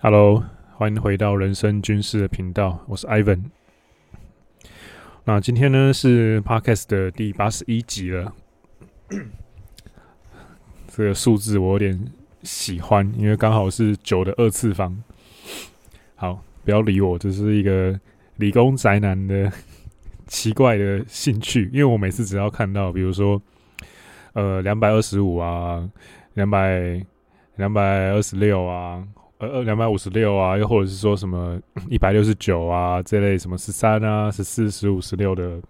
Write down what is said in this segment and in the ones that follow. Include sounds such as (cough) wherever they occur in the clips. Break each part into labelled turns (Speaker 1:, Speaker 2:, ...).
Speaker 1: Hello，歡迎回到人生軍事的頻道，我是 Iven。那今天呢是 Podcast 的第八十一集了，這個數字我有點喜歡，因為剛好是九的二次方。好，不要理我，這是一個理工宅男的奇怪的興趣，因為我每次只要看到，比如說，呃，兩百二十五啊，兩百兩百二十六啊。呃，兩百五十六啊，又或者是說什麼一百六十九啊，這類什麼十三啊、十四、十五、十六的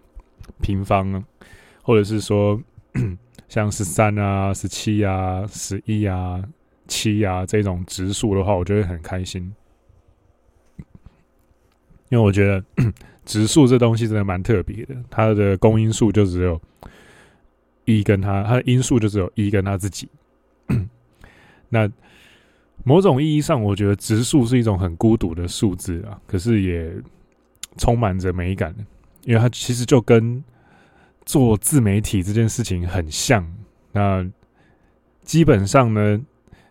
Speaker 1: 平方啊，或者是說 (coughs) 像十三啊、十七啊、十一啊、七啊這種質數的話，我就會很開心，因為我覺得質數 (coughs) 這東西真的蠻特別的，它的公因數就只有一跟它，它的因數就只有一跟它自己， (coughs) 那。某種意義上，我覺得植樹是一種很孤獨的數字啊，可是也充滿着美感，因為它其實就跟做自媒體這件事情很像。那基本上呢，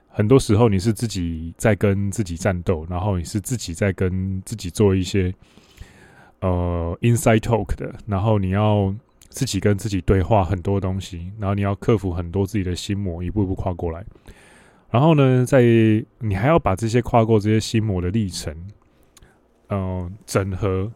Speaker 1: 很多時候你是自己在跟自己戰鬥，然後你是自己在跟自己做一些呃 inside talk 的，然後你要自己跟自己對話很多東西，然後你要克服很多自己的心魔，一步一步跨過來。然後呢，在你還要把這些跨過這些心魔的歷程，嗯、呃，整合，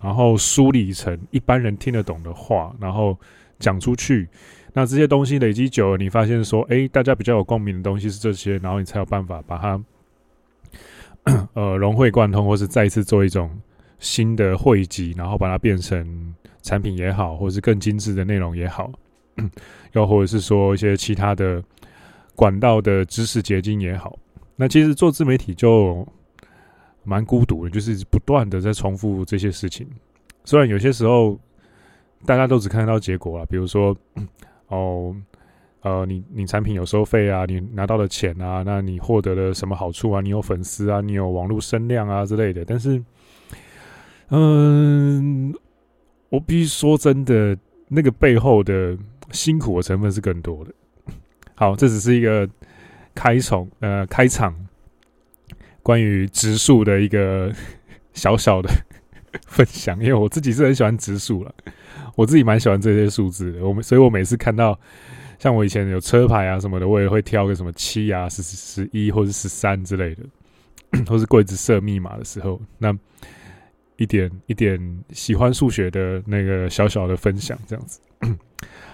Speaker 1: 然後梳理成一般人聽得懂的話，然後講出去。那這些東西累積久了，你發現說，哎，大家比較有共鳴的東西是這些，然後你才有辦法把它呃融會貫通，或是再次做一種新的匯集，然後把它變成產品也好，或是更精緻的內容也好，又或者是說一些其他的。管道的知識結晶也好，那其實做自媒體就蠻孤獨的，就是不斷的在重複這些事情。雖然有些時候大家都只看得到結果啦，比如說哦呃，你你產品有收費啊，你拿到了錢啊，那你獲得了什麼好處啊？你有粉絲啊，你有網絡聲量啊之類的。但是，嗯，我必須說真的，那個背後的辛苦的成分是更多的。好，這只是一個開場，呃，開場關於質數的一個小小的分享，因為我自己是很喜歡質數了，我自己蠻喜歡這些數字的，我們，所以我每次看到像我以前有車牌啊什麼的，我也會挑個什麼七啊、十、十一或者十三之類的，或是櫃子設密碼的時候，那一點一點喜歡數學的那個小小的分享，這樣子。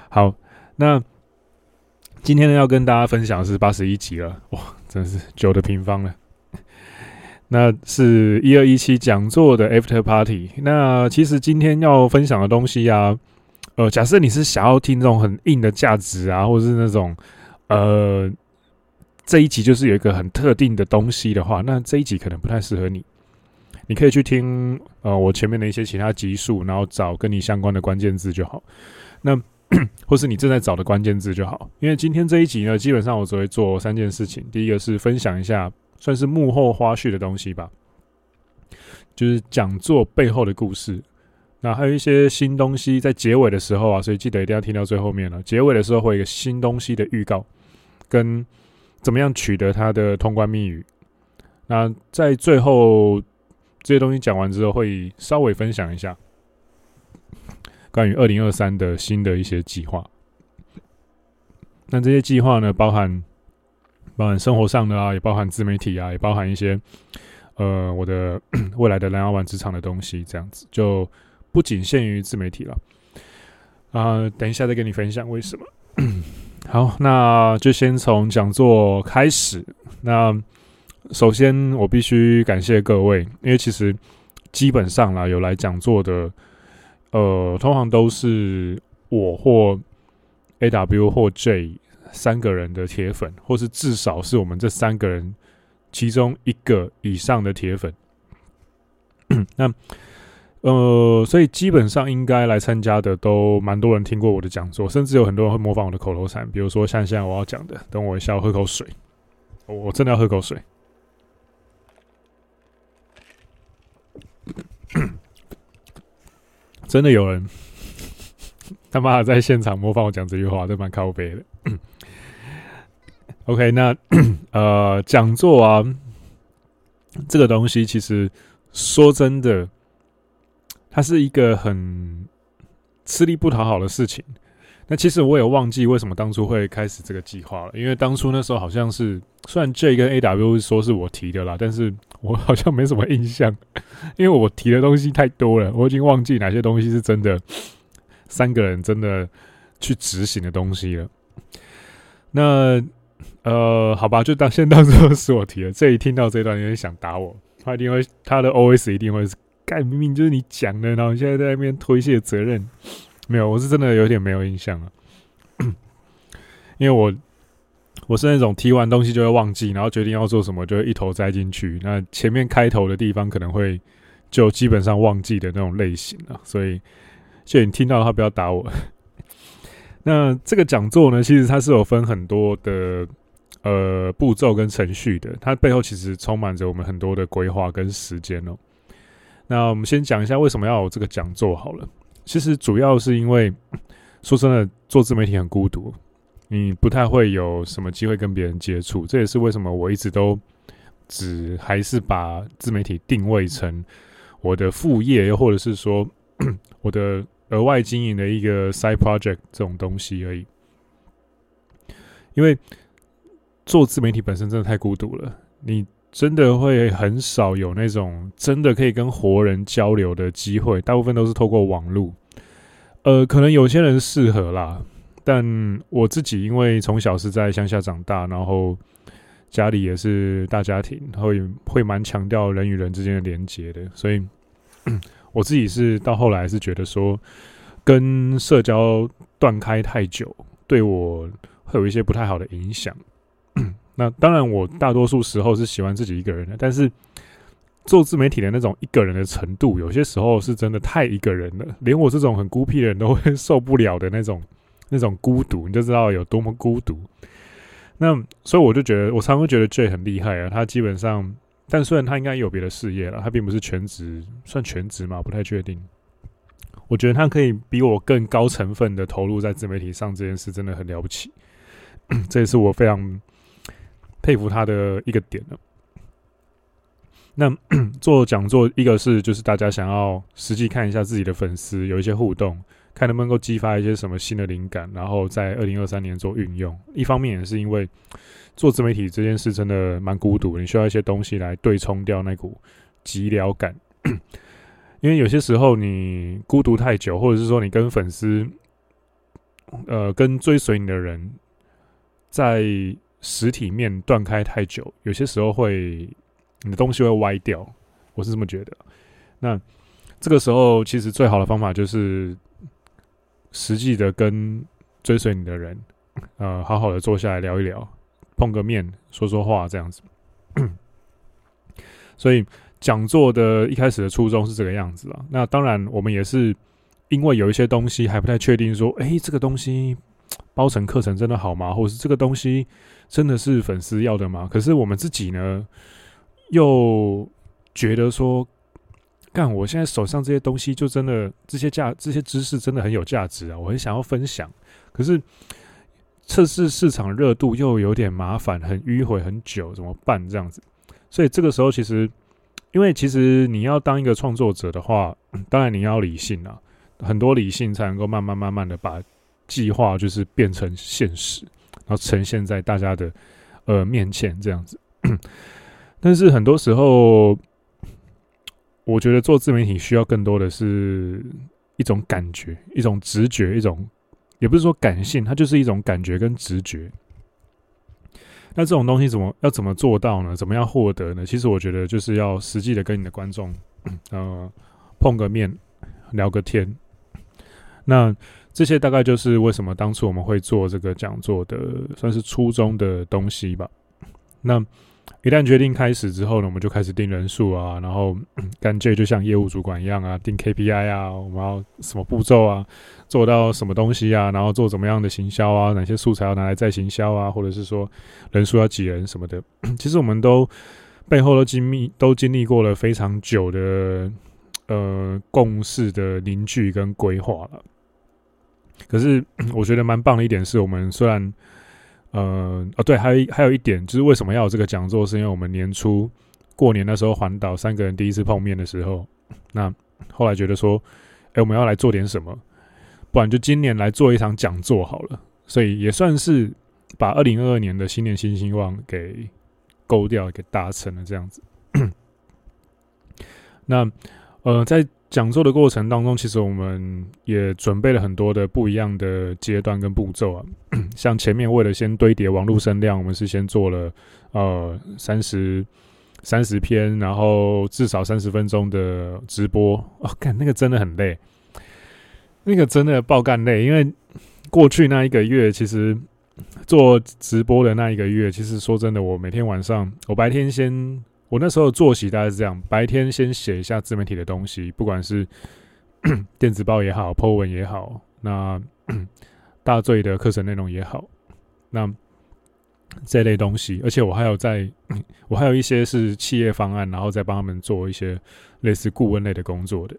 Speaker 1: 好，那。今天呢，要跟大家分享的是八十一集了，哇，真是九的平方了。那是一二一七講座的 After Party。那其實今天要分享的東西啊，呃，假設你是想要聽這種很硬的價值啊，或是那種呃，這一集就是有一個很特定的東西的話，那這一集可能不太適合你。你可以去聽呃我前面的一些其他集數，然後找跟你相關的關鍵字就好。那。 (coughs) 或是你正在找的關鍵字就好，因為今天這一集呢，基本上我只會做三件事情。第一個是分享一下算是幕後花絮的東西吧，就是講座背後的故事。那還有一些新東西在結尾的時候啊，所以記得一定要聽到最後面了。結尾的時候會有一個新東西的預告，跟怎麼樣取得它的通關密語。那在最後這些東西講完之後，會稍微分享一下。關於二零二三的新的一些計劃，那這些計劃呢，包含包含生活上的啊，也包含自媒體啊，也包含一些呃我的未來的藍牙玩職場的東西，這樣子就不僅限於自媒體了。啊、呃，等一下再跟你分享為什麼。 (coughs) 好，那就先從講座開始。那首先我必須感謝各位，因為其實基本上啦，有來講座的。呃，通常都是我或 AW 或 J 三個人的鐵粉，或是至少是我們這三個人其中一個以上的鐵粉。 (coughs) 那呃，所以基本上應該來參加的都蠻多人聽過我的講座，甚至有很多人會模仿我的口頭禪，比如說像現在我要講的，等我一下，我喝口水，我真的要喝口水。真的有人他媽的在現場模仿我講這句話，都蠻靠背的。 (coughs) OK，那 (coughs) 呃，講座啊，這個東西其實說真的，它是一個很吃力不討好的事情。那其實我也忘記為什麼當初會開始這個計劃了，因為當初那時候好像是，雖然 J 跟 AW 說是我提的啦，但是。我好像沒什麼印象，因為我提的東西太多了，我已經忘記哪些東西是真的。三個人真的去執行的東西了。那呃，好吧，就當先當做是我提的。這一聽到這段，有點想打我，他一定會他的 OS 一定會是，該明明就是你講的，然後你現在在那邊推卸責任。沒有，我是真的有點沒有印象了，因為我。我是那種提完東西就會忘記，然後決定要做什麼就會一頭栽進去。那前面開頭的地方可能會就基本上忘記的那種類型啊，所以就你聽到的話不要打我。 (laughs) 那這個講座呢，其實它是有分很多的呃步驟跟程序的，它背後其實充滿着我們很多的規劃跟時間哦。那我們先講一下為什麼要有這個講座好了，其實主要是因為說真的，做自媒體很孤獨。你不太會有什麼機會跟別人接觸，這也是為什麼我一直都只還是把自媒體定位成我的副業，又或者是說我的額外經營的一個 side project 這種東西而已。因為做自媒體本身真的太孤獨了，你真的會很少有那種真的可以跟活人交流的機會，大部分都是透過網路。呃，可能有些人適合啦。但我自己因為從小是在鄉下長大，然後家裡也是大家庭，會會蠻強調人與人之間的連接的，所以，嗯，我自己是到後來是覺得說，跟社交斷開太久，對我會有一些不太好的影響。嗯，那當然，我大多數時候是喜歡自己一個人的，但是做自媒體的那種一個人的程度，有些時候是真的太一個人了，連我這種很孤僻的人都會受不了的那種。那種孤獨，你就知道有多麼孤獨。那所以我就覺得，我常常會覺得 J 很厲害啊。他基本上，但雖然他應該有別的事業了，他並不是全職，算全職嘛，不太確定。我覺得他可以比我更高成分的投入在自媒體上這件事，真的很了不起。 (coughs) 這也是我非常佩服他的一個點了，啊。那做講座，一個是就是大家想要實際看一下自己的粉絲，有一些互動。看能不能夠激發一些什麼新的靈感，然後在二零二三年做運用。一方面也是因為做自媒體這件事真的蠻孤獨的，你需要一些東西來對沖掉那股寂寥感。 (coughs) 因為有些時候你孤獨太久，或者是說你跟粉絲，呃，跟追隨你的人在實體面斷開太久，有些時候會你的東西會歪掉。我是這麼覺得。那這個時候其實最好的方法就是。實際的跟追隨你的人，呃，好好的坐下來聊一聊，碰個面，說說話這樣子。 (coughs) 所以講座的一開始的初衷是這個樣子啊。那當然，我們也是因為有一些東西還不太確定，說，欸，這個東西包成課程真的好嗎？或是這個東西真的是粉絲要的嗎？可是我們自己呢，又覺得說。看我現在手上這些東西，就真的這些價、這些知識真的很有價值啊！我很想要分享，可是測試市場熱度又有點麻煩，很迂回，很久怎麼辦？這樣子，所以這個時候其實，因為其實你要當一個創作者的話、嗯，當然你要理性啊，很多理性才能夠慢慢慢慢的把計劃就是變成現實，然後呈現在大家的呃面前這樣子。 (coughs) 但是很多時候。我覺得做自媒體需要更多的是一種感覺、一種直覺、一種也不是說感性，它就是一種感覺跟直覺。那這種東西怎麼要怎麼做到呢？怎麼樣獲得呢？其實我覺得就是要實際的跟你的觀眾，嗯，呃，碰個面，聊個天。那這些大概就是為什麼當初我們會做這個講座的，算是初衷的東西吧。那。一旦決定開始之後呢，我們就開始定人數啊，然後乾脆就像業務主管一樣啊，定 KPI 啊，我們要什麼步驟啊，做到什麼東西啊，然後做怎麼樣的行銷啊，哪些素材要拿來再行銷啊，或者是說人數要幾人什麼的。其實我們都背後都經歷都經歷過了非常久的呃共識的凝聚跟規劃了。可是我覺得蠻棒的一點是我們雖然。嗯、呃，哦，對，還還有一點就是，為什麼要有這個講座？是因為我們年初過年的時候，環島三個人第一次碰面的時候，那後來覺得說，哎，我們要來做點什麼，不然就今年來做一場講座好了。所以也算是把二零二二年的新年新希望給勾掉，給達成了這樣子。 (coughs) 那，呃，在。講座的過程當中，其實我們也準備了很多的不一樣的階段跟步驟啊。像前面為了先堆疊網絡聲量，我們是先做了呃三十三十篇，然後至少三十分鐘的直播。哦，幹，那個真的很累，那個真的爆幹累。因為過去那一個月，其實做直播的那一個月，其實說真的，我每天晚上，我白天先。我那時候作息大概是這樣：白天先寫一下自媒體的東西，不管是電子報也好、po 文也好，那大罪的課程內容也好，那這類東西。而且我還有在，我還有一些是企業方案，然後再幫他們做一些類似顧問類的工作的。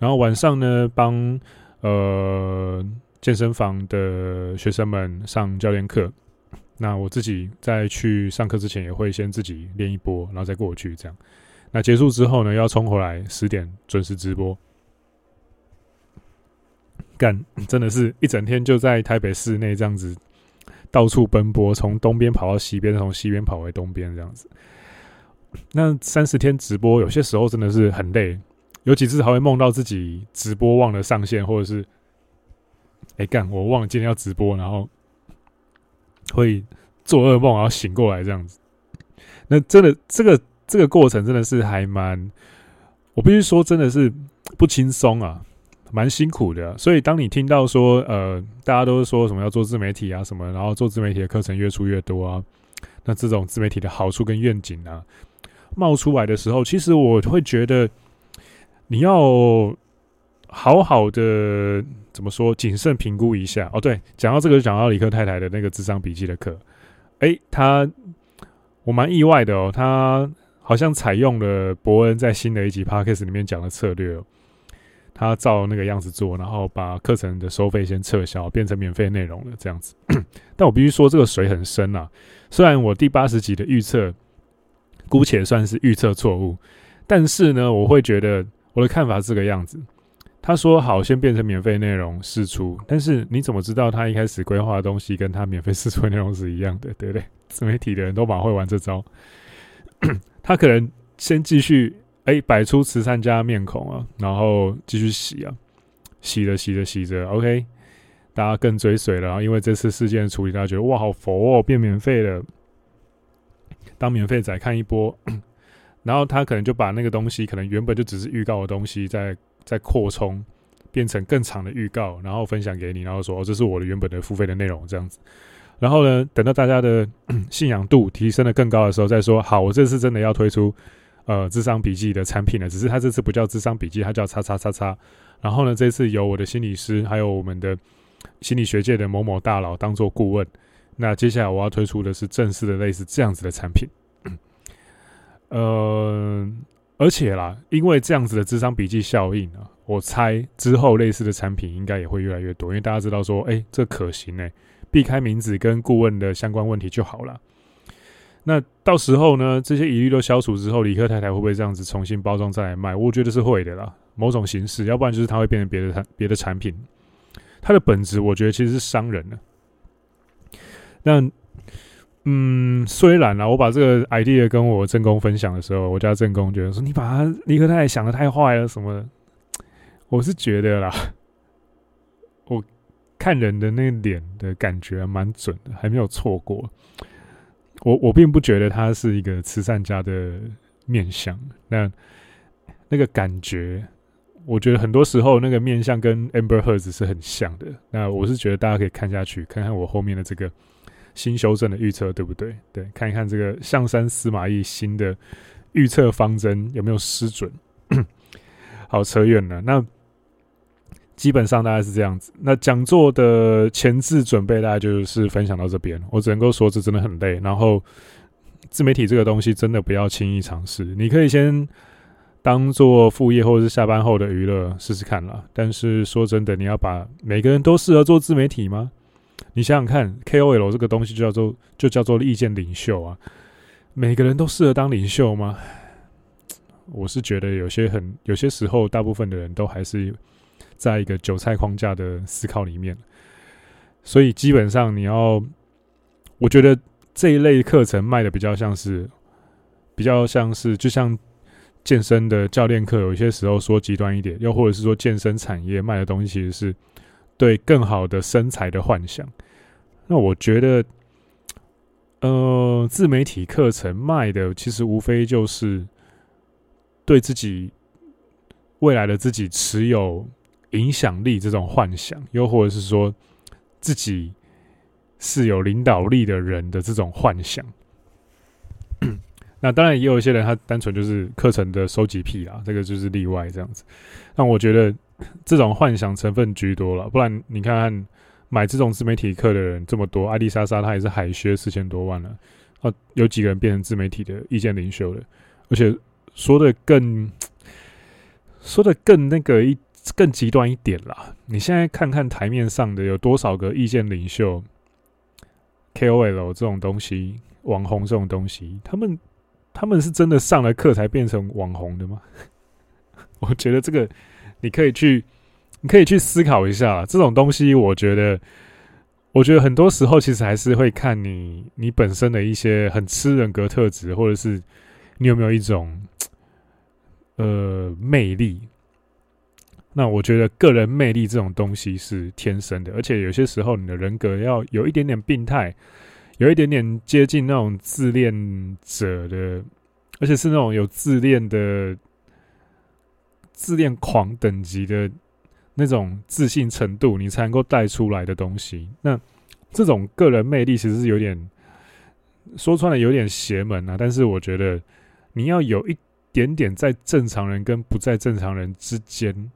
Speaker 1: 然後晚上呢，幫呃健身房的學生們上教練課。那我自己在去上課之前，也會先自己練一波，然後再過去這樣。那結束之後呢，又要衝回來十點準時直播。幹，真的是一整天就在台北市內這樣子到處奔波，從東邊跑到西邊，從西邊跑回東邊這樣子。那三十天直播，有些時候真的是很累，有幾次還會夢到自己直播忘了上線，或者是哎幹，欸，我忘了今天要直播，然後。會做噩夢，然後醒過來這樣子，那真的這個這個過程真的是還蠻，我必須說真的是不輕鬆啊，蠻辛苦的啊。所以當你聽到說，呃，大家都說什麼要做自媒體啊什麼，然後做自媒體的課程越出越多啊，那這種自媒體的好處跟願景啊，冒出來的時候，其實我會覺得你要。好好的，怎麼說？謹慎評估一下哦。對，講到這個就講到李克太太的那個的《智商筆記》的課。誒，他我蠻意外的哦。他好像採用了博恩在新的一集 Podcast 裡面講的策略，他照那個樣子做，然後把課程的收費先撤銷，變成免費內容了。這樣子， (coughs) 但我必須說，這個水很深啊。雖然我第八十集的預測，姑且算是預測錯誤，但是呢，我會覺得我的看法是這個樣子。他說：“好，先變成免費內容釋出，但是你怎麼知道他一開始規劃的東西跟他免費釋出的內容是一樣的，對不對？自媒體的人都蠻會玩這招。 (coughs) 他可能先繼續哎欸，擺出慈善家面孔啊，然後繼續洗啊，洗着洗着洗着，OK，大家更追隨了，然後因為這次事件處理，大家覺得哇好佛哦，變免費了，當免費仔看一波， (coughs) 然後他可能就把那個東西，可能原本就只是預告的東西，在。”再擴充，變成更長的預告，然後分享給你，然後說：“哦，這是我的原本的付費的內容，這樣子。”然後呢，等到大家的信仰度提升得更高的時候，再說：“好，我這次真的要推出，呃，諮商筆記的產品了。只是它這次不叫諮商筆記，它叫叉叉叉叉。然後呢，這次由我的心理師，還有我們的心理學界的某某大佬當做顧問。那接下來我要推出的是正式的類似這樣子的產品，嗯、呃。”而且啦，因為這樣子的諮商筆記效應啊，我猜之後類似的產品應該也會越來越多，因為大家知道說，哎、欸，這可行誒、欸，避開名字跟顧問的相關問題就好了。那到時候呢，這些疑慮都消除之後，李克太太會不會這樣子重新包裝再來賣？我覺得是會的啦，某種形式，要不然就是它會變成別的產別的產品。它的本質，我覺得其實是傷人的、啊。那。嗯，雖然啦、啊，我把這個 idea 跟我正宮分享的時候，我家正宮覺得說你把他尼克太太想的太壞了什麼的。我是覺得啦，我看人的那臉的感覺還蠻準的，還沒有錯過。我我並不覺得他是一個慈善家的面相，那那個感覺，我覺得很多時候那個面相跟 Amber Heard 是很像的。那我是覺得大家可以看下去，看看我後面的這個。新修正的預測對不對？對，看一看這個象山司馬懿新的預測方針有沒有失準。 (coughs) 好扯遠了。那基本上大概是這樣子。那講座的前置準備，大概就是分享到這邊。我只能夠說，這真的很累。然後自媒體這個東西，真的不要輕易嘗試。你可以先當做副業，或者是下班後的娛樂試試看啦。但是說真的，你要把每個人都適合做自媒體嗎？你想想看，KOL 這個東西就叫做就叫做意見領袖啊。每個人都適合當領袖嗎？我是覺得有些很有些時候，大部分的人都還是在一個韭菜框架的思考裡面。所以基本上你要，我覺得這一類課程賣的比較像是比較像是，就像健身的教練課，有些時候說極端一點，又或者是說健身產業賣的東西，其實是對更好的身材的幻想。那我覺得，呃，自媒體課程賣的其實無非就是對自己未來的自己持有影響力這種幻想，又或者是說自己是有領導力的人的這種幻想。 (coughs) 那當然也有一些人他單純就是課程的收集癖啊，這個就是例外這樣子。那我覺得這種幻想成分居多了，不然你看看。買這種自媒體課的人這麼多，艾莉莎莎她也是海削四千多萬了啊，啊！有幾個人變成自媒體的意見領袖了？而且說的更說的更那個一更極端一點啦！你現在看看台面上的有多少個意見領袖、KOL 這種東西、網紅這種東西，他們他們是真的上了課才變成網紅的嗎？我覺得這個你可以去。可以去思考一下這種東西。我覺得，我覺得很多時候其實還是會看你你本身的一些很吃人格特質，或者是你有沒有一種呃魅力。那我覺得個人魅力這種東西是天生的，而且有些時候你的人格要有一點點病態，有一點點接近那種自戀者的，而且是那種有自戀的自戀狂等級的。那種自信程度，你才能夠帶出來的東西。那這種個人魅力，其實是有點說穿了有點邪門啊。但是我覺得，你要有一點點在正常人跟不在正常人之間，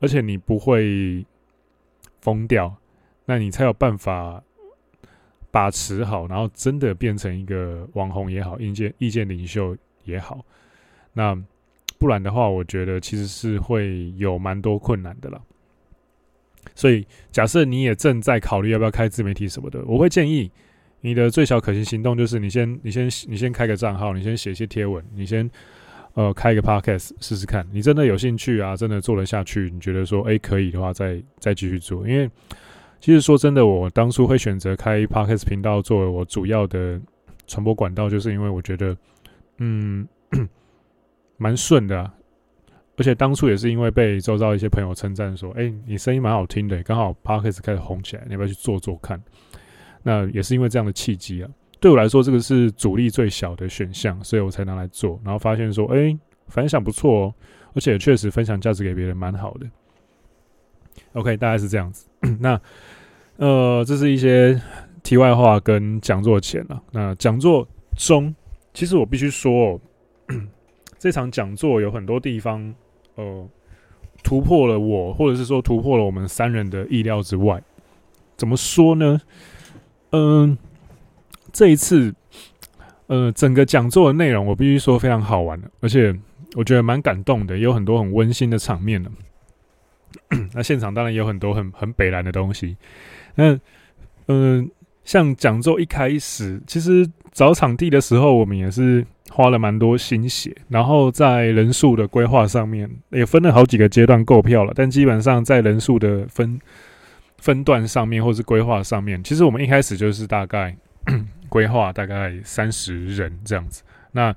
Speaker 1: 而且你不會瘋掉，那你才有辦法把持好，然後真的變成一個網紅也好，意見意見領袖也好，那。不然的話，我覺得其實是會有蠻多困難的啦。所以，假設你也正在考慮要不要開自媒體什麼的，我會建議你的最小可行行動就是你先你先你先開個賬號，你先寫一些貼文，你先呃開一個 podcast 試試看。你真的有興趣啊，真的做得下去，你覺得說誒、欸、可以的話，再再繼續做。因為其實說真的，我當初會選擇開 podcast 頻道作為我主要的傳播管道，就是因為我覺得嗯。蠻順的、啊，而且當初也是因為被周遭一些朋友稱讚說：“哎、欸，你聲音蠻好聽的。”剛好 podcast 開始紅起來，你要不要去做做看？那也是因為這樣的契機啊。對我來說，這個是阻力最小的選項，所以我才拿來做。然後發現說：“哎、欸，反響不錯哦，而且確實分享價值給別人蠻好的。” OK，大概是這樣子。 (coughs) 那呃，這是一些題外話跟講座前啊。那講座中，其實我必須說。哦。 (coughs) 這場講座有很多地方，呃，突破了我，或者是說突破了我們三人的意料之外。怎麼說呢？嗯、呃，這一次，呃，整個講座的內容我必須說非常好玩的，而且我覺得蠻感動的，有很多很溫馨的場面的。 (coughs) 那現場當然也有很多很很北藍的東西。那，嗯、呃，像講座一開始，其實找場地的時候，我們也是。花了蠻多心血，然後在人數的規劃上面也分了好幾個階段購票了，但基本上在人數的分分段上面，或是規劃上面，其實我們一開始就是大概規劃大概三十人這樣子。那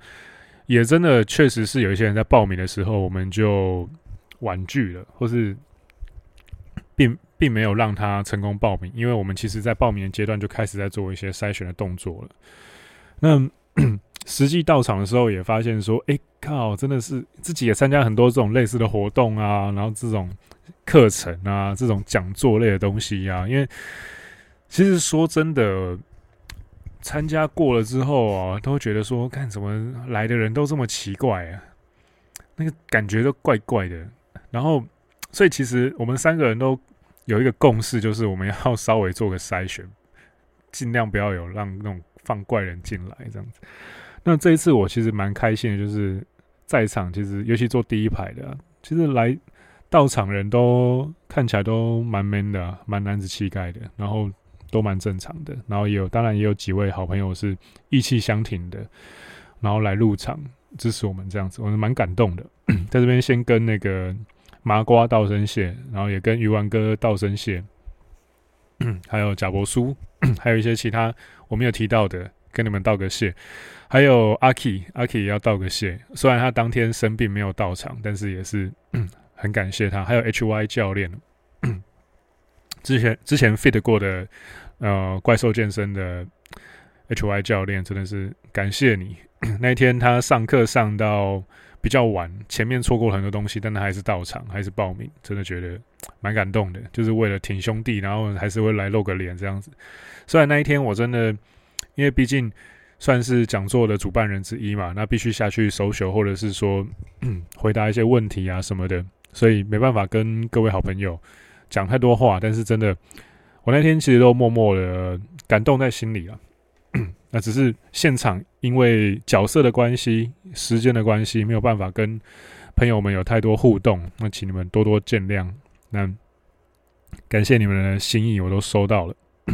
Speaker 1: 也真的確實是有一些人在報名的時候，我們就婉拒了，或是並並沒有讓他成功報名，因為我們其實在報名的階段就開始在做一些篩選的動作了。那實際到場的時候，也發現說，哎、欸，靠，真的是自己也參加很多這種類似的活動啊，然後這種課程啊，這種講座類的東西啊。因為其實說真的，參加過了之後啊，都覺得說，看怎麼來的人都這麼奇怪啊，那個感覺都怪怪的。然後，所以其實我們三個人都有一個共識，就是我們要稍微做個篩選，盡量不要有讓那種放怪人進來這樣子。那這一次我其實蠻開心的，就是在場其實，尤其坐第一排的，啊，其實來到場人都看起來都蠻 man 的，啊，蠻男子氣概的，然後都蠻正常的，然後也有當然也有幾位好朋友是意氣相挺的，然後來入場支持我們這樣子，我是蠻感動的。 (coughs) 在這邊先跟那個麻瓜道聲謝，然後也跟魚丸哥道聲謝，還有賈伯蘇，還有一些其他我沒有提到的。跟你們道個謝，還有阿 Key，阿 Key 也要道個謝。雖然他當天生病沒有到場，但是也是、嗯、很感謝他。還有 HY 教練，嗯、之前之前 fit 過的呃怪獸健身的 HY 教練，真的是感謝你。那一天他上課上到比較晚，前面錯過了很多東西，但他還是到場，還是報名，真的覺得蠻感動的。就是為了挺兄弟，然後還是會來露個臉這樣子。雖然那一天我真的。因為畢竟算是講座的主辦人之一嘛，那必須下去首秀，或者是說、嗯、回答一些問題啊什麼的，所以沒辦法跟各位好朋友講太多話。但是真的，我那天其實都默默的感動在心裡了、啊。 (coughs) 那只是現場因為角色的關係、時間的關係，沒有辦法跟朋友們有太多互動。那請你們多多見諒。那感謝你們的心意，我都收到了。 (coughs)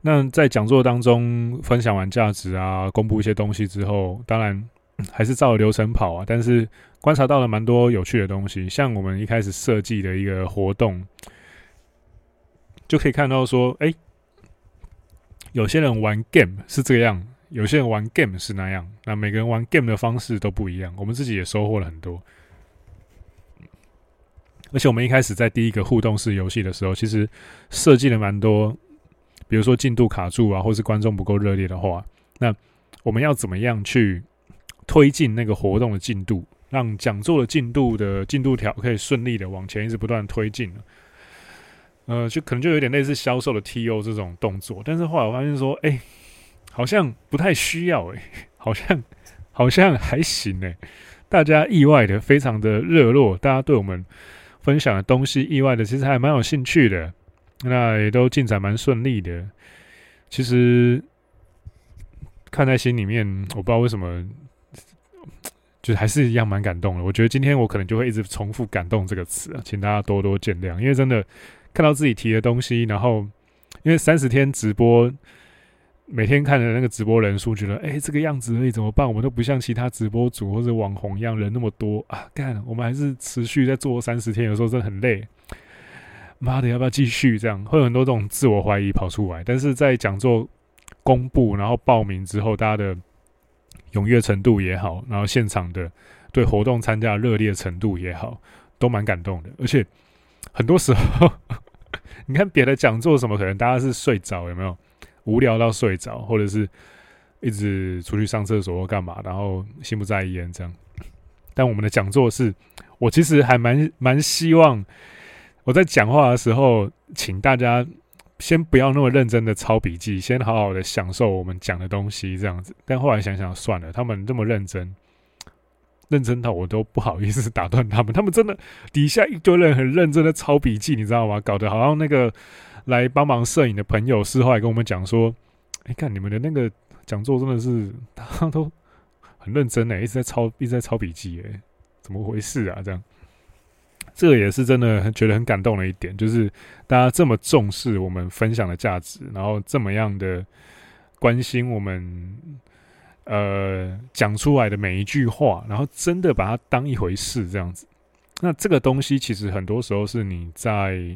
Speaker 1: 那在講座當中分享完價值啊，公布一些東西之後，當然還是照流程跑啊。但是觀察到了蠻多有趣的東西，像我們一開始設計的一個活動，就可以看到說，哎、欸，有些人玩 game 是這樣，有些人玩 game 是那樣。那每個人玩 game 的方式都不一樣，我們自己也收穫了很多。而且我們一開始在第一個互動式遊戲的時候，其實設計了蠻多。比如說進度卡住啊，或是觀眾不夠熱烈的話，那我們要怎麼樣去推進那個活動的進度，讓講座的進度的進度條可以順利的往前一直不斷推進呢？呃，就可能就有點類似銷售的 TO 這種動作，但是後來我發現說，欸，好像不太需要欸，好像好像還行欸，大家意外的非常的熱絡，大家對我們分享的東西意外的其實還蠻有興趣的。那也都進展蠻順利的。其實看在心裡面，我不知道為什麼，就還是一樣蠻感動的。我覺得今天我可能就會一直重複“感動”這個詞啊，請大家多多見諒。因為真的看到自己提的東西，然後因為三十天直播，每天看的那個直播人數，覺得哎、欸，這個樣子哎怎麼辦？我們都不像其他直播主或者網紅一樣人那麼多啊！幹，我們還是持續在做三十天，有時候真的很累。媽的，要不要繼續這樣？會有很多這種自我懷疑跑出來。但是在講座公布然後報名之後，大家的踴躍程度也好，然後現場的對活動參加熱烈程度也好，都蠻感動的。而且很多時候，呵呵，你看別的講座，什麼可能大家是睡着，有沒有無聊到睡着，或者是一直出去上廁所或幹嘛，然後心不在焉這樣。但我們的講座是，我其實還蠻蠻希望。我在講話的時候，請大家先不要那麼認真的抄筆記，先好好的享受我們講的東西這樣子。但後來想想算了，他們這麼認真，認真到我都不好意思打斷他們。他們真的底下一堆人很認真的抄筆記，你知道嗎？搞得好像那個來幫忙攝影的朋友事後還跟我們講說：“哎，看你們的那個講座真的是，他都很認真哎、欸，一直在抄一直在抄筆記哎、欸，怎麼回事啊？這樣。”這也是真的覺得很感動的一點，就是大家這麼重視我們分享的價值，然後這麼樣的關心我們，呃，講出來的每一句話，然後真的把它當一回事這樣子。那這個東西其實很多時候是你在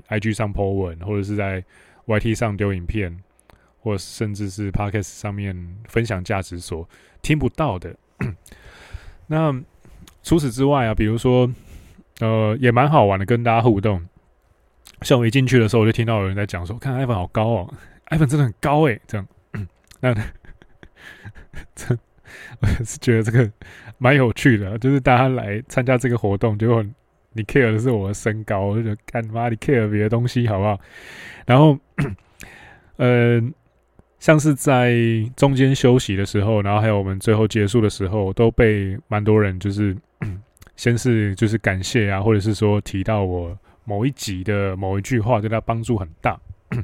Speaker 1: IG 上 po 文，或者是在 YT 上丟影片，或甚至是 Podcast 上面分享價值所聽不到的。 (coughs) 那除此之外啊，比如說。呃，也蠻好玩的，跟大家互動。像我一進去的時候，我就聽到有人在講說：“看，Iven 好高哦，Iven 真的很高誒、欸，這樣，那這我也是覺得這個蠻有趣的、啊，就是大家來參加這個活動，結果你 care 的是我的身高，我就說：“幹嘛，你 care 別的東西好不好？”然後，嗯、呃、像是在中間休息的時候，然後還有我們最後結束的時候，都被蠻多人就是。先是就是感謝啊，或者是說提到我某一集的某一句話，對他幫助很大。 (coughs)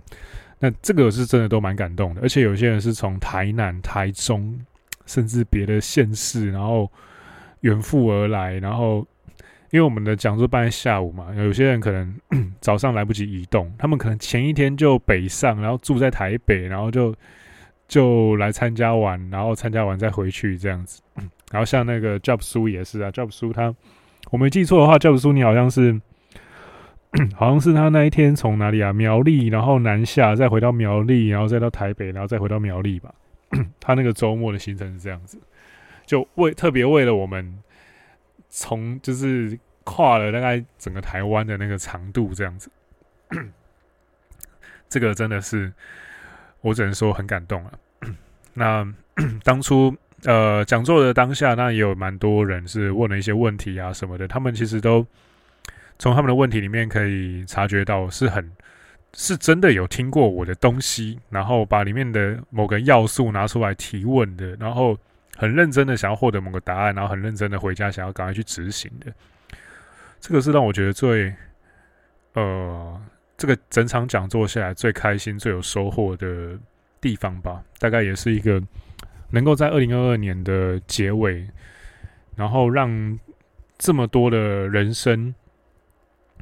Speaker 1: 那這個是真的都蠻感動的，而且有些人是從台南、台中，甚至別的縣市，然後遠赴而來，然後因為我們的講座辦在下午嘛，有些人可能早上來不及移動，他們可能前一天就北上，然後住在台北，然後就就來參加完，然後參加完再回去這樣子。然後像那個 Job 叔也是啊。Job 叔他我沒記錯的話，Job 叔你好像是，好像是他那一天從哪裡啊，苗栗，然後南下，再回到苗栗，然後再到台北，然後再回到苗栗吧。他那個周末的行程是這樣子，就為特別為了我們從，從就是跨了大概整個台灣的那個長度這樣子。這個真的是我只能說很感動了啊。那當初。呃，講座的當下，那也有蠻多人是問了一些問題啊什麼的。他們其實都從他們的問題裡面可以察覺到，是很是真的有聽過我的東西，然後把裡面的某個要素拿出來提問的，然後很認真的想要獲得某個答案，然後很認真的回家想要趕快去執行的。這個是讓我覺得最呃，這個整場講座下來最開心、最有收穫的地方吧。大概也是一個能夠在二零二二年的結尾，然後讓這麼多的人生，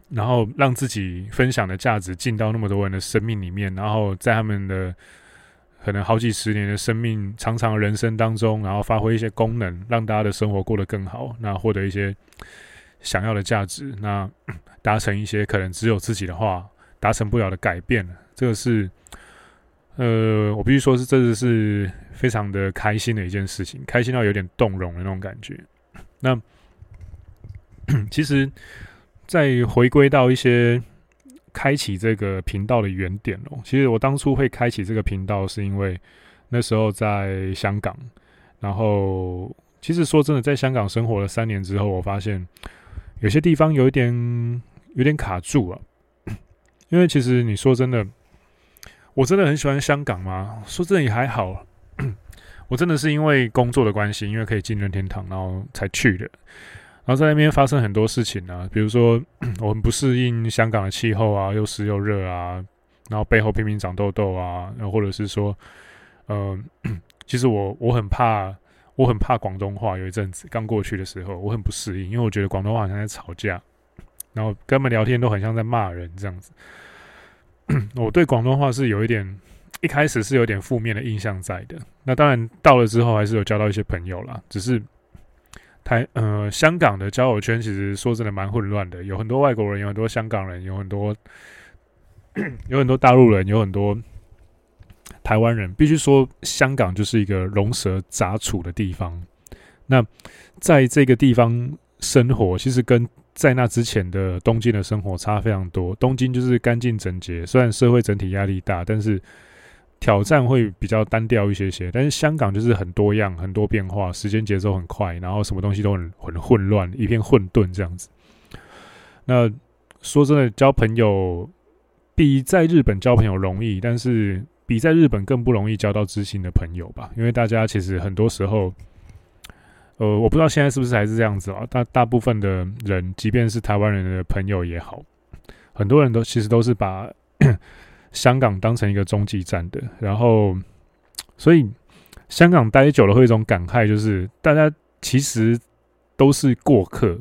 Speaker 1: 然後讓自己分享的價值進到那麼多人的生命裡面，然後在他們的可能好幾十年的生命、長長的人生當中，然後發揮一些功能，讓大家的生活過得更好，那獲得一些想要的價值，那、嗯、達成一些可能只有自己的話達成不了的改變，這個是。呃，我必須說是這次是非常的開心的一件事情，開心到有點動容的那種感覺。那其實，再回歸到一些開啟這個頻道的原點哦，其實我當初會開啟這個頻道，是因為那時候在香港。然後，其實說真的，在香港生活了三年之後，我發現有些地方有一點有點卡住了，因為其實你說真的。我真的很喜歡香港嗎？說真的也還好， (coughs) 我真的是因為工作的關係，因為可以進任天堂，然後才去的。然後在那邊發生很多事情呢、啊，比如說我很不適應香港的氣候啊，又濕又熱啊，然後背後拼命長痘痘啊，然後或者是說，嗯、呃，其實我我很怕，我很怕廣東話。有一陣子剛過去的時候，我很不適應，因為我覺得廣東話好像在吵架，然後跟他們聊天都很像在罵人這樣子。 (coughs) 我對廣東話是有一點，一開始是有點負面的印象在的。那當然到了之後還是有交到一些朋友啦，只是台呃香港的交友圈其實說真的蠻混亂的，有很多外國人，有很多香港人有， (coughs) 有很多有很多大陸人，有很多台灣人。必須說香港就是一個龍蛇雜處的地方。那在這個地方生活，其實跟在那之前的東京的生活差非常多，東京就是乾淨整潔，雖然社會整體壓力大，但是挑戰會比較單調一些些。但是香港就是很多樣，很多變化，時間節奏很快，然後什麼東西都很很混亂，一片混沌這樣子。那說真的，交朋友比在日本交朋友容易，但是比在日本更不容易交到知心的朋友吧，因為大家其實很多時候。呃，我不知道現在是不是還是這樣子啊？大大部分的人，即便是台灣人的朋友也好，很多人都其實都是把香港當成一個中繼站的。然後，所以香港待久了會有一種感慨，就是大家其實都是過客，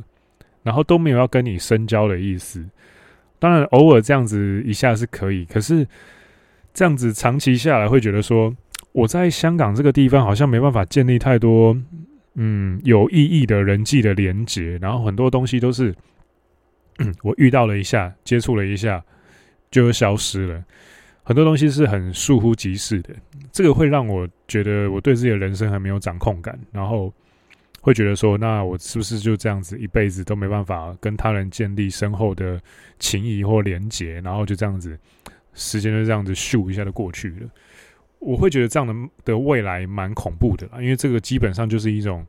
Speaker 1: 然後都沒有要跟你深交的意思。當然，偶爾這樣子一下是可以，可是這樣子長期下來，會覺得說我在香港這個地方好像沒辦法建立太多。嗯，有意義的人際的連結，然後很多東西都是，我遇到了一下，接觸了一下，就消失了。很多東西是很倏忽即逝的，這個會讓我覺得我對自己的人生還沒有掌控感，然後會覺得說，那我是不是就這樣子一輩子都沒辦法跟他人建立深厚的情誼或連結，然後就這樣子，時間就這樣子咻一下就過去了。我會覺得這樣的的未來蠻恐怖的，因為這個基本上就是一種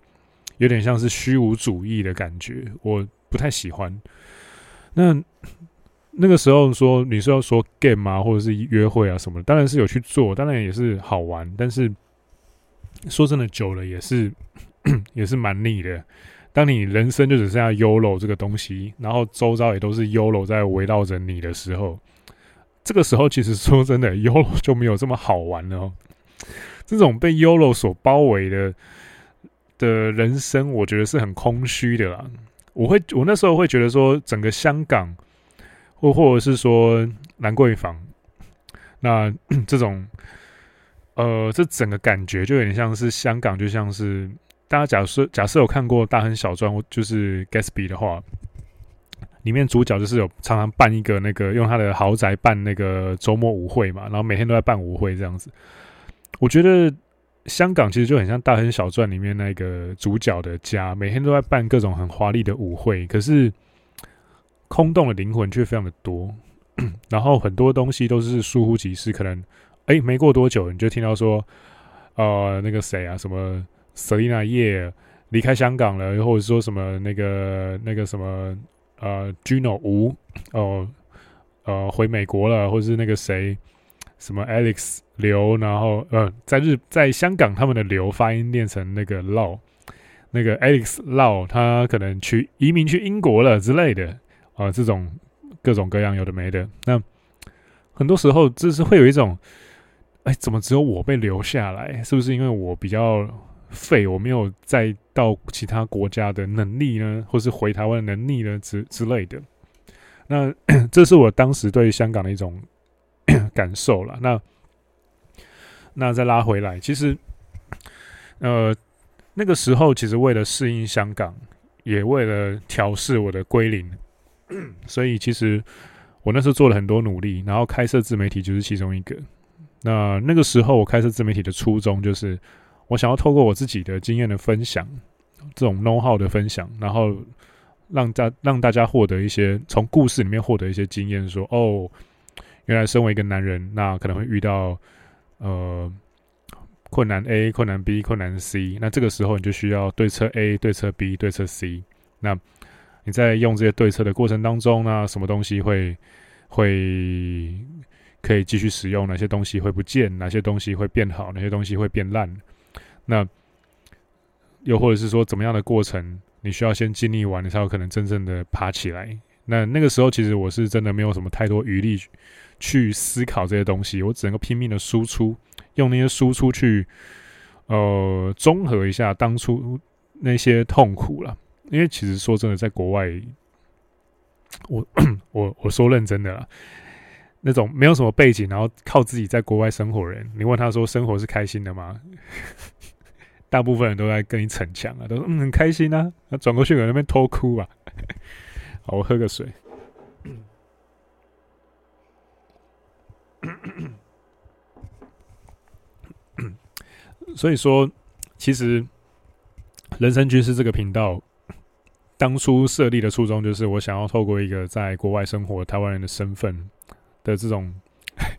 Speaker 1: 有點像是虛無主義的感覺，我不太喜歡。那那個時候說你是要說 game 啊，或者是約會啊什麼的，當然是有去做，當然也是好玩，但是說真的久了也是也是蠻膩的。當你人生就只剩下 YOLO 這個東西，然後周遭，也都是 YOLO 在圍繞着你的時候，這個時候，其實說真的 YOLO 就沒有這麼好玩了哦。這種被 YOLO 所包圍的的人生，我覺得是很空虛的啦。我會，我那時候會覺得說，整個香港，或或者是說蘭桂坊，那這種，呃，這整個感覺就有點像是香港，就像是大家假設假設有看過《大亨小傳》就是 Gatsby 的話。裡面主角就是有常常辦一個那個用他的豪宅辦那個周末舞會嘛，然後每天都在辦舞會這樣子。我覺得香港其實就很像《大亨小傳》裡面那個主角的家，每天都在辦各種很華麗的舞會，可是空洞的靈魂卻非常的多。 (coughs) 然後很多東西都是疏忽其實可能哎、欸，沒過多久你就聽到說，呃，那個誰啊，什麼 Selina Ye 離開香港了，又或者說什麼那個那個什麼。呃，Gino 吳哦、呃，呃，回美國了，或者是那個誰，什麼 Alex 劉，然後呃，在日，在香港，他們的劉發音念成那個 Law，那個 Alex Law，他可能去移民去英國了之類的，啊、呃，這種各種各樣有的沒的，那很多時候就是會有一種，哎、欸，怎麼只有我被留下來？是不是因為我比較？廢，我沒有再到其他國家的能力呢，或是回台灣的能力呢，之之類的。那這是我當時對香港的一種感受了。那那再拉回來，其實呃那個時候，其實為了適應香港，也為了調適我的歸零，所以其實我那時候做了很多努力，然後開設自媒體就是其中一個。那那個時候我開設自媒體的初衷就是。我想要透過我自己的經驗的分享，這種 know how 的分享，然後讓大讓大家獲得一些從故事裡面獲得一些經驗，說哦，原來身為一個男人，那可能會遇到呃困難 A、困難 B、困難 C，那這個時候你就需要對策 A、對策 B、對策 C。那你在用這些對策的過程當中呢，那什麼東西會會可以繼續使用？哪些東西會不見？哪些東西會變好？哪些東西會變爛？那，又或者是說，怎麼樣的過程，你需要先經歷完，你才有可能真正的爬起來。那那個時候，其實我是真的沒有什麼太多餘力去思考這些東西，我只能夠拼命的輸出，用那些輸出去，呃，綜合一下當初那些痛苦了。因為其實說真的，在國外，我 (coughs) 我我說認真的啦，那種沒有什麼背景，然後靠自己在國外生活人，你問他說生活是開心的嗎？ (laughs) 大部分人都在跟你逞強啊，都說嗯很開心啊。那轉過去擱那邊偷哭啊。 (laughs) 好，我喝個水。 (coughs) 所以說，其實人生軍事這個頻道當初設立的初衷，就是我想要透過一個在國外生活台灣人的身份的這種，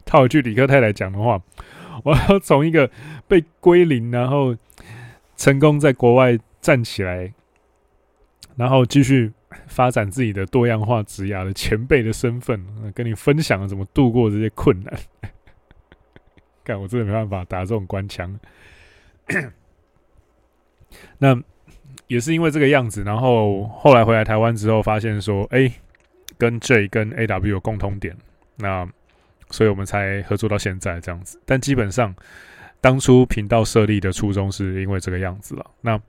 Speaker 1: 套句李克泰來講的話，我要從一個被歸零，然後。成功在國外站起來，然後繼續發展自己的多樣化職業的前輩的身份，跟你分享怎麼度過這些困難。看， (laughs) 我真的沒辦法打這種官腔。 (coughs) 那也是因為這個樣子，然後後來回來台灣之後，發現說，哎、欸，跟 J 跟 AW 有共通點，那所以我們才合作到現在這樣子。但基本上。當初頻道設立的初衷是因為這個樣子了，那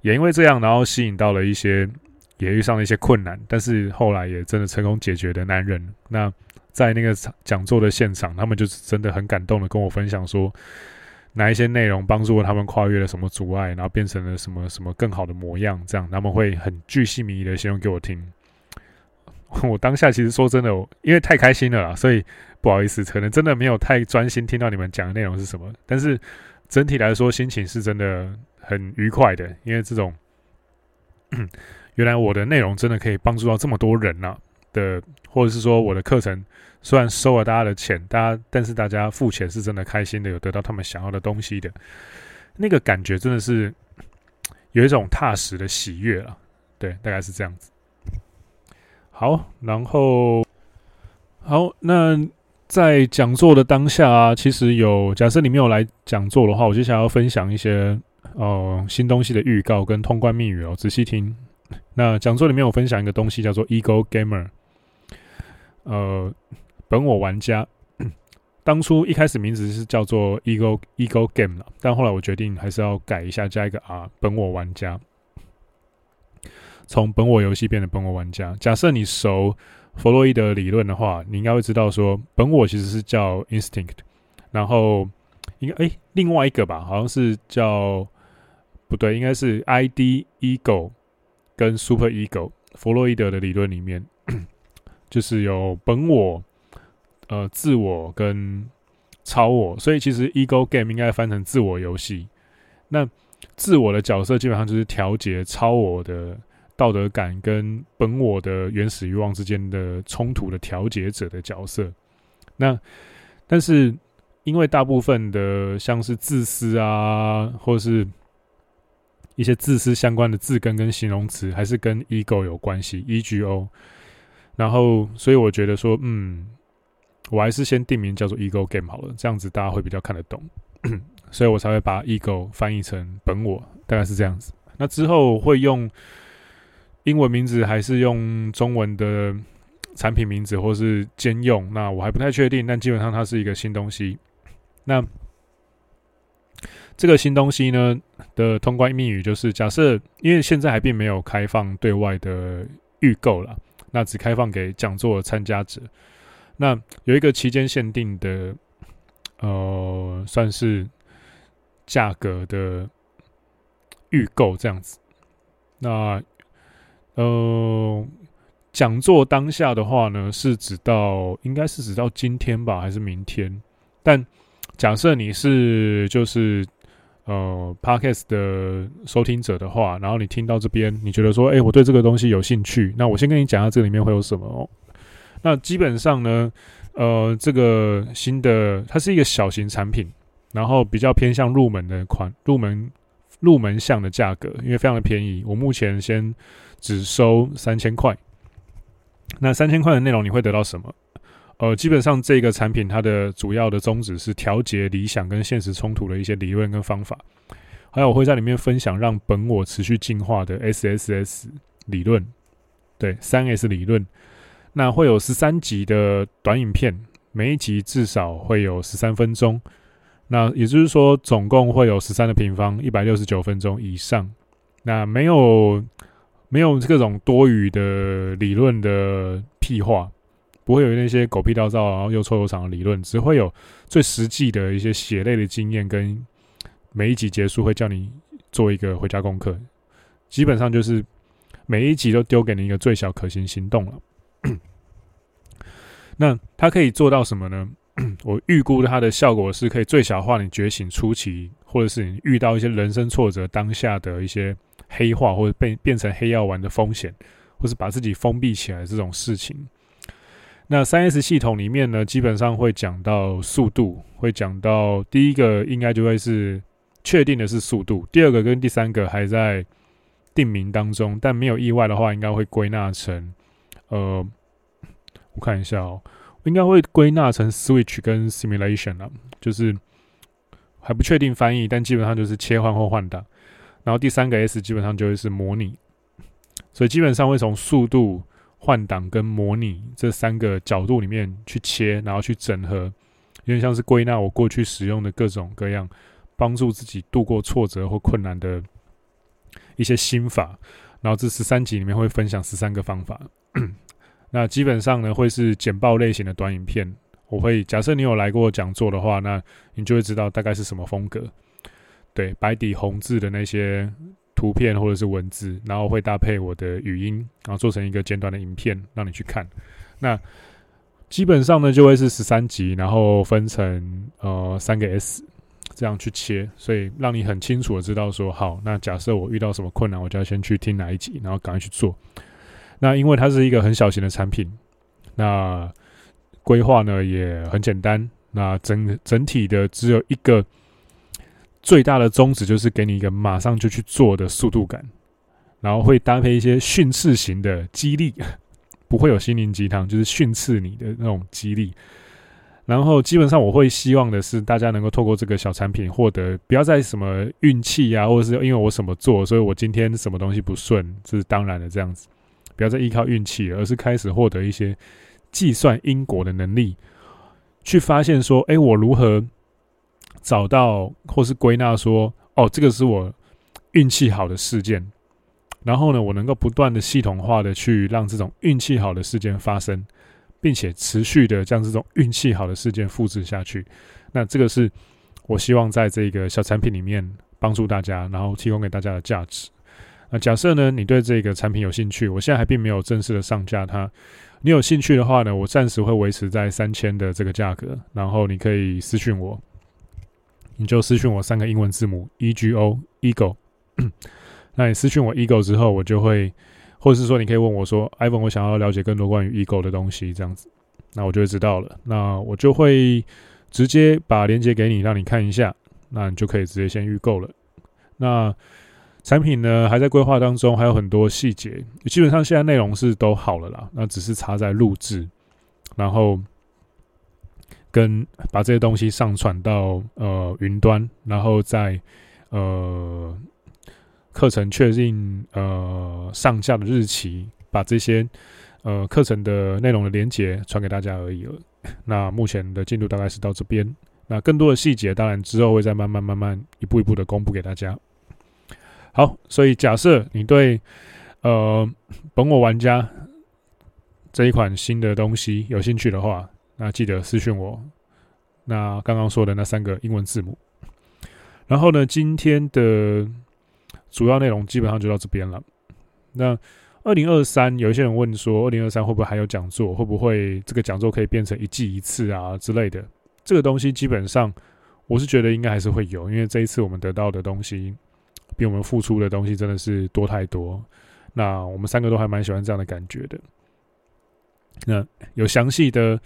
Speaker 1: 也因為這樣，然後吸引到了一些，也遇上了一些困難，但是後來也真的成功解決的男人。那在那個講座的現場，他們就是真的很感動的跟我分享說，哪一些內容幫助了他們跨越了什麼阻礙，然後變成了什麼什麼更好的模樣，這樣他們會很巨細靡遺的形容給我聽。我當下其實說真的，因為太開心了啦，所以不好意思，可能真的沒有太專心聽到你們講的內容是什麼？但是整體來說，心情是真的很愉快的，因為這種原來我的內容真的可以幫助到這麼多人了、啊、的，或者是說我的課程雖然收了大家的錢，大家但是大家付錢是真的開心的，有得到他們想要的東西的，那個感覺真的是有一種踏實的喜悅了。對，大概是這樣子。好，然後好，那在講座的當下，啊，其實有假設你沒有來講座的話，我就想要分享一些哦、呃、新東西的預告跟通關密語哦，仔細聽。那講座裡面有分享一個東西叫做 Ego Gamer，呃，本我玩家。當初一開始名字是叫做 Ego Ego Game，但後來我決定還是要改一下，加一個 R，本我玩家。從本我遊戲變成本我玩家。假設你熟弗洛伊德理論的話，你應該會知道說，本我其實是叫 instinct，然後應該哎另外一個吧，好像是叫，不對，應該是 ID Ego 跟 Super Ego。佛洛伊德的理論裡面就是有本我、呃自我跟超我，所以其實 Ego Game 應該翻成自我遊戲。那自我的角色基本上就是調節超我的。道德感跟本我的原始欲望之間的衝突的調節者的角色。那但是因為大部分的像是自私啊，或者是一些自私相關的字根跟形容詞，還是跟 ego 有關係。ego。然後，所以我覺得說，嗯，我還是先定名叫做 ego game 好了，這樣子大家會比較看得懂。 (coughs) 所以我才會把 ego 翻譯成本我，大概是這樣子。那之後會用。英文名字還是用中文的產品名字，或是兼用？那我還不太確定。但基本上它是一個新東西。那這個新東西呢的通關密語就是：假設，因為現在還並沒有開放對外的預購啦，那只開放給講座的參加者。那有一個期間限定的，呃，算是價格的預購這樣子。那呃，講座當下的話呢，是指到應該是指到今天吧，還是明天？但假設你是就是呃，Podcast 的收聽者的話，然後你聽到這邊，你覺得說，哎、欸，我對這個東西有興趣，那我先跟你講下這裡面會有什麼哦。那基本上呢，呃，這個新的它是一個小型產品，然後比較偏向入門的款，入門。入門項的價格，因為非常的便宜，我目前先只收三千塊。那三千塊的內容你會得到什麼？呃，基本上這個產品它的主要的宗旨是調節理想跟現實衝突的一些理論跟方法。還有我會在裡面分享讓本我持續進化的 SSS 理論，對，三 S 理論。那會有十三集的短影片，每一集至少會有十三分鐘。那也就是說，總共會有十三的平方一百六十九分鐘以上。那沒有沒有各種多餘的理論的屁話，不會有那些狗屁倒灶，然後又臭又長的理論，只會有最實際的一些血淚的經驗。跟每一集結束會叫你做一個回家功課，基本上就是每一集都丟給你一個最小可行行動了。那它可以做到什麼呢？我預估它的效果是可以最小化你覺醒初期，或者是你遇到一些人生挫折當下的一些黑化，或者被變成黑藥丸的風險，或是把自己封閉起來這種事情。那三 S 系統裡面呢，基本上會講到速度，會講到第一個應該就會是確定的是速度，第二個跟第三個還在定名當中，但沒有意外的話，應該會歸納成，呃，我看一下哦、喔。應該會歸納成 switch 跟 simulation 了，就是還不確定翻譯，但基本上就是切換或換擋。然後第三個 S 基本上就會是模擬，所以基本上會從速度、換擋跟模擬這三個角度裡面去切，然後去整合。因為像是歸納我過去使用的各種各樣幫助自己度過挫折或困難的一些心法，然後這十三集裡面會分享十三個方法。 (coughs) 那基本上呢，會是簡報類型的短影片。我會假設你有來過講座的話，那你就會知道大概是什麼風格。對，白底紅字的那些圖片或者是文字，然後會搭配我的語音，然後做成一個簡短的影片讓你去看。那基本上呢，就會是十三集，然後分成呃三個 S 這樣去切，所以讓你很清楚的知道說，好，那假設我遇到什麼困難，我就要先去聽哪一集，然後趕快去做。那因為它是一個很小型的產品，那規劃呢也很簡單。那整整體的只有一個最大的宗旨，就是給你一個馬上就去做的速度感，然後會搭配一些訓斥型的激勵，不會有心靈雞湯，就是訓斥你的那種激勵。然後基本上我會希望的是，大家能夠透過這個小產品獲得，不要再什麼運氣呀，或者是因為我什麼做，所以我今天什麼東西不順，這是當然的這樣子。不要再依靠運氣，而是開始獲得一些計算因果的能力，去發現說：“誒，我如何找到，或是歸納說，哦，這個是我運氣好的事件。”然後呢，我能夠不斷的系統化的去讓這種運氣好的事件發生，並且持續的將這種運氣好的事件複製下去。那這個是我希望在這個小產品裡面幫助大家，然後提供給大家的價值。那假設呢，你對這個產品有興趣，我現在還並沒有正式的上架它。你有興趣的話呢，我暫時會維持在三千的這個價格，然後你可以私訊我，你就私訊我三個英文字母 E G O EGO。 (coughs) 那你私訊我 EGO 之後，我就會，或者是說你可以問我說，Iven 我想要了解更多關於 EGO 的東西，這樣子，那我就會知道了，那我就會直接把鏈接給你，讓你看一下，那你就可以直接先預購了，那。產品呢，還在規劃當中，還有很多細節。基本上現在內容是都好了啦，那只是差在錄製，然後跟把這些東西上傳到呃雲端，然後再呃課程確定呃上架的日期，把這些呃課程的內容的連結傳給大家而已了。那目前的進度大概是到這邊，那更多的細節當然之後會再慢慢慢慢一步一步的公布給大家。好，所以假設你對呃《本我玩家》這一款新的東西有興趣的話，那記得私信我。那剛剛說的那三個英文字母，然後呢，今天的主要內容基本上就到這邊了。那二零二三，有些人問說，二零二三會不會還有講座？會不會這個講座可以變成一季一次啊之類的？這個東西基本上我是覺得應該還是會有，因為這一次我們得到的東西，比我們付出的東西真的是多太多。那我們三個都還蠻喜歡這樣的感覺的。那有詳細的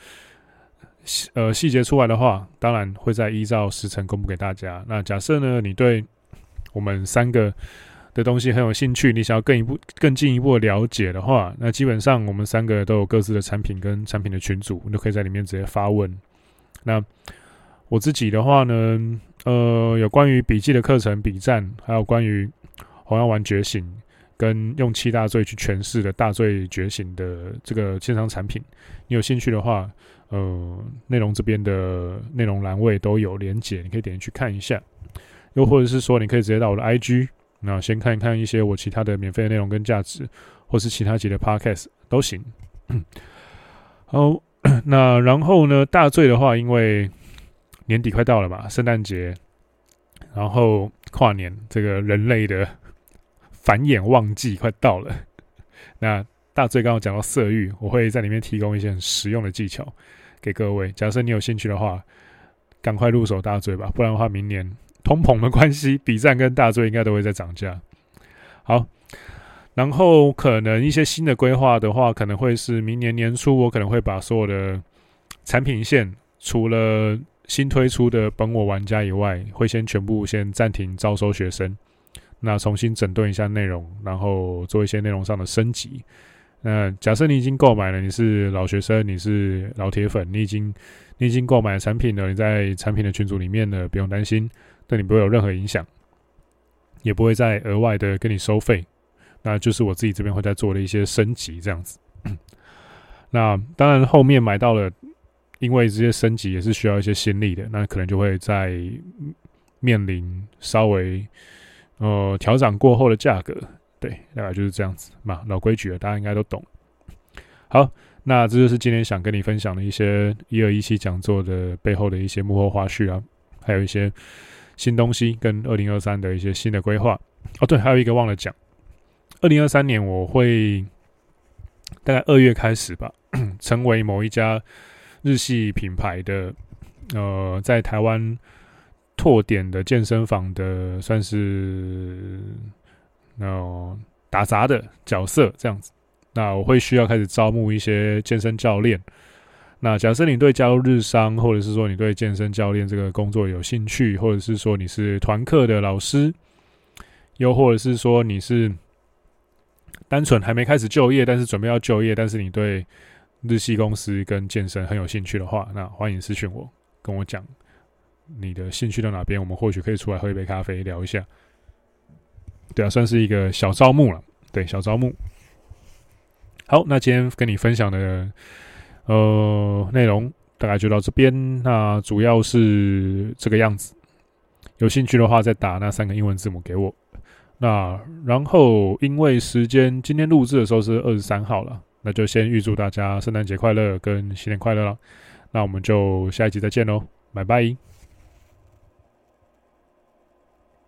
Speaker 1: 呃細節出來的話，當然會再依照時程公布給大家。那假設呢，你對我們三個的東西很有興趣，你想要更一步、更進一步的了解的話，那基本上我們三個都有各自的產品跟產品的群組，你都可以在裡面直接發問。那我自己的話呢？呃，有關於筆記的課程，筆戰，還有關於《紅藥丸覺醒》跟用七大罪去詮釋的《大罪覺醒》的這個線上產品，你有興趣的話，呃，內容這邊的內容欄位都有連結，你可以點進去看一下。又或者是說，你可以直接到我的 IG，那先看一看一些我其他的免費的內容跟價值，或是其他集的 Podcast 都行。嗯、好，那然後呢，大罪的話，因為，年底快到了嘛，聖誕節，然後跨年，這個人類的繁衍旺季快到了。那大罪剛剛講到色慾，我會在裡面提供一些很實用的技巧給各位。假設你有興趣的話，趕快入手大罪吧，不然的話明年通膨的關係，筆戰跟大罪應該都會再漲價。好，然後可能一些新的規劃的話，可能會是明年年初，我可能會把所有的產品線除了。新推出的“本我玩家”以外，會先全部先暫停招收學生，那重新整頓一下內容，然後做一些內容上的升級。那假設你已經購買了，你是老學生，你是老鐵粉，你已經你已經購買了產品了，你在產品的群組裡面呢，不用擔心，對你不會有任何影響，也不會再額外的跟你收費。那就是我自己這邊會在做的一些升級這樣子。 (laughs) 那當然，後面買到了。因為這些升級也是需要一些心力的，那可能就會在面臨稍微呃調整過後的價格，對，大概就是這樣子嘛，老規矩了，大家應該都懂。好，那這就是今天想跟你分享的一些一二一七講座的背後的一些幕後花絮啊，還有一些新東西跟二零二三的一些新的規劃哦，對，還有一個忘了講，二零二三年我會大概二月開始吧，成為某一家。日系品牌的，呃，在台灣拓點的健身房的，算是哦、呃、打雜的角色這樣子。那我會需要開始招募一些健身教練。那假設你對加入日商，或者是說你對健身教練這個工作有興趣，或者是說你是團課的老師，又或者是說你是單純還沒開始就業，但是準備要就業，但是你對日系公司跟健身很有興趣的話，那歡迎私訊我，跟我講你的興趣到哪邊，我們或許可以出來喝一杯咖啡聊一下。對啊，算是一個小招募了，對，小招募。好，那今天跟你分享的呃內容大概就到這邊，那主要是這個樣子。有興趣的話，再打那三個英文字母給我。那然後因為時間，今天錄製的時候是二十三號了。那就先預祝大家聖誕節快樂跟新年快樂了，那我們就下一集再見嘍，拜拜。